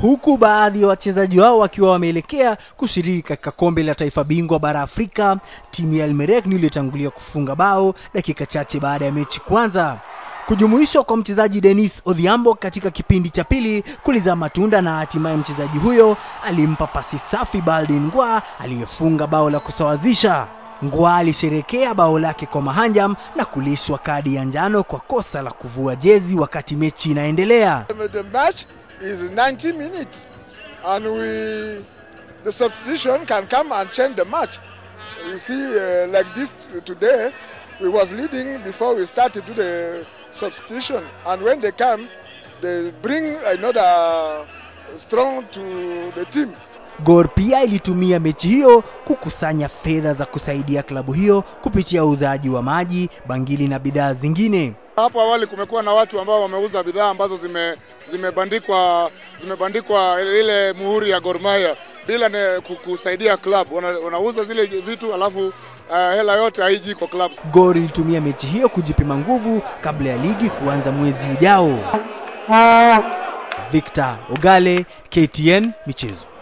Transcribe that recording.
huku baadhi ya wachezaji wao wakiwa wameelekea kushiriki katika kombe la taifa bingwa bara Afrika. Timu ya Almerek ndio kufunga bao dakika chache baada ya mechi kwanza. Kujumuishwa kwa mchezaji Denis Odhiambo katika kipindi cha pili kulizaa matunda na hatimaye mchezaji huyo alimpa pasi safi Baldin Ngwa aliyefunga bao la kusawazisha. Ngwa alisherekea bao lake kwa mahanjam na kulishwa kadi ya njano kwa kosa la kuvua jezi wakati mechi inaendelea. is 90 minutes. And we, the substitution can come and change the match. You see, uh, like this today, we was leading before we started to do the substitution. And when they come, they bring another strong to the team. Gor pia ilitumia mechi hiyo kukusanya fedha za kusaidia klabu hiyo kupitia uuzaji wa maji, bangili na bidhaa zingine. Hapo awali kumekuwa na watu ambao wameuza bidhaa ambazo zime, zimebandikwa zimebandikwa ile muhuri ya Gor Mahia bila ne, kusaidia klabu wanauza zile vitu alafu Uh, hela yote haiji kwa club. Gor ilitumia mechi hiyo kujipima nguvu kabla ya ligi kuanza mwezi ujao. Ah. Victor Ogale, KTN Michezo.